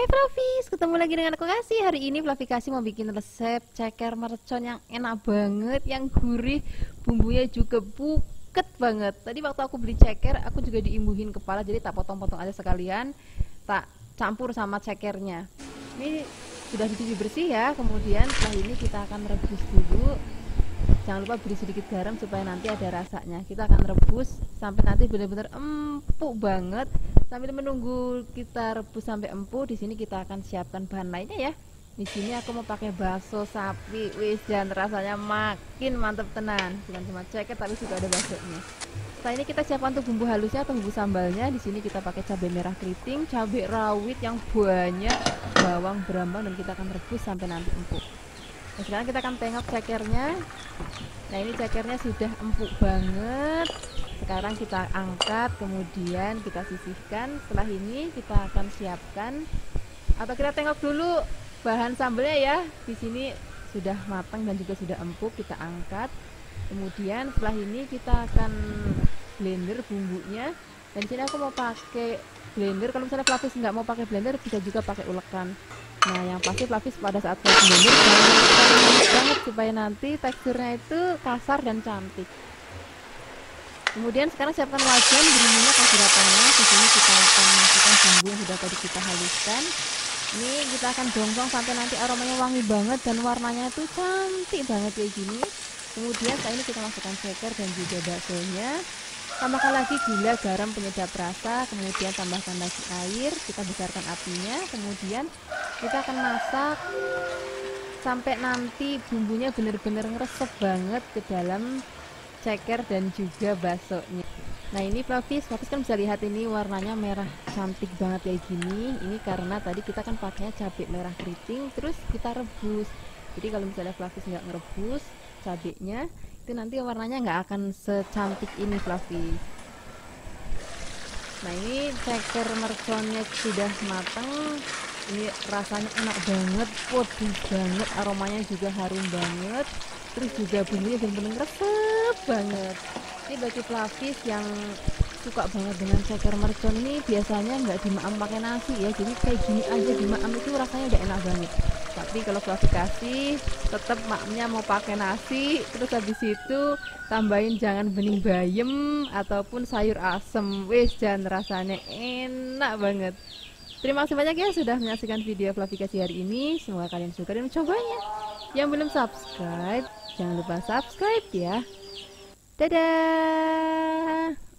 Hai Flavis, ketemu lagi dengan aku Kasih Hari ini Flavi Kasih mau bikin resep ceker mercon yang enak banget Yang gurih, bumbunya juga buket banget Tadi waktu aku beli ceker, aku juga diimbuhin kepala Jadi tak potong-potong aja sekalian Tak campur sama cekernya Ini sudah dicuci bersih ya Kemudian setelah ini kita akan rebus dulu jangan lupa beri sedikit garam supaya nanti ada rasanya kita akan rebus sampai nanti benar-benar empuk banget sambil menunggu kita rebus sampai empuk di sini kita akan siapkan bahan lainnya ya di sini aku mau pakai bakso sapi wis dan rasanya makin mantep tenan bukan cuma ceker tapi juga ada baksonya setelah ini kita siapkan tuh bumbu halusnya atau bumbu sambalnya di sini kita pakai cabai merah keriting cabai rawit yang banyak bawang berambang dan kita akan rebus sampai nanti empuk nah, sekarang kita akan tengok cekernya nah ini cekernya sudah empuk banget sekarang kita angkat kemudian kita sisihkan setelah ini kita akan siapkan atau kita tengok dulu bahan sambelnya ya di sini sudah matang dan juga sudah empuk kita angkat kemudian setelah ini kita akan blender bumbunya dan sini aku mau pakai blender kalau misalnya pelapis nggak mau pakai blender bisa juga pakai ulekan Nah, yang pasti pelapis pada saat saya jemur banget supaya nanti teksturnya itu kasar dan cantik. Kemudian sekarang siapkan wajan beri minyak kasih panas. Di sini kita akan masukkan bumbu yang sudah tadi kita haluskan. Ini kita akan gongsong sampai nanti aromanya wangi banget dan warnanya itu cantik banget kayak gini. Kemudian saat ini kita masukkan ceker dan juga baksonya tambahkan lagi gula garam penyedap rasa kemudian tambahkan lagi air kita besarkan apinya kemudian kita akan masak sampai nanti bumbunya benar-benar ngeresep banget ke dalam ceker dan juga baksonya nah ini Pavis, Pavis kan bisa lihat ini warnanya merah cantik banget kayak gini ini karena tadi kita kan pakainya cabai merah keriting terus kita rebus jadi kalau misalnya Pavis nggak ngerebus cabenya itu nanti warnanya nggak akan secantik ini fluffy nah ini ceker merconnya sudah matang ini rasanya enak banget pedih banget aromanya juga harum banget terus juga bumbunya bener-bener resep banget ini bagi fluffy yang suka banget dengan ceker mercon ini biasanya nggak dimakan pakai nasi ya jadi kayak gini aja dimakan itu rasanya udah enak banget tapi kalau klasifikasi tetap maknya mau pakai nasi terus habis itu tambahin jangan bening bayem ataupun sayur asem wis dan rasanya enak banget Terima kasih banyak ya sudah menyaksikan video klasifikasi hari ini. Semoga kalian suka dan mencobanya. Yang belum subscribe, jangan lupa subscribe ya. Dadah!